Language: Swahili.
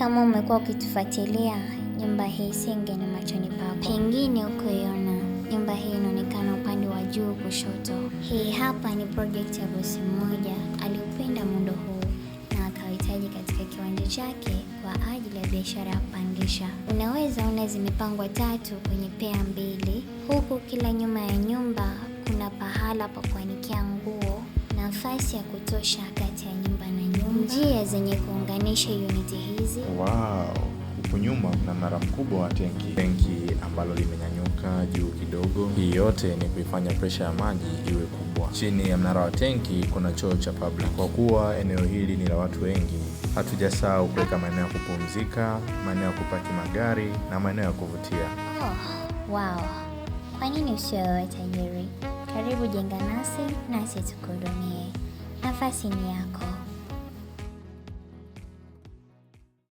Kama umekuwa ukitufuatilia, nyumba hii si ngeni machoni pako, pengine ukuiona. Nyumba hii inaonekana upande wa juu kushoto. Hii hapa ni project ya bosi mmoja, aliupenda muundo huu na akawahitaji katika kiwanja chake kwa ajili ya biashara ya kupangisha. Unaweza una zimepangwa tatu kwenye pea mbili, huku kila nyuma ya nyumba kuna pahala pa kuanikia nguo, nafasi ya kutosha kati ya nyumba na nyumba njia zenye kuunganisha uniti hizi. Wow. Huku nyuma kuna mnara mkubwa wa tenki, tenki ambalo limenyanyuka juu kidogo. Hii yote ni kuifanya presha ya maji iwe kubwa. Chini ya mnara wa tenki kuna choo cha public. Kwa kuwa eneo hili ni la watu wengi, hatujasahau kuweka maeneo ya kupumzika, maeneo ya kupaki magari na maeneo ya kuvutia. Oh, wow. Kwa nini usiwe tajiri? Karibu jenga nasi nasi tukuhudumie. Nafasi ni yako.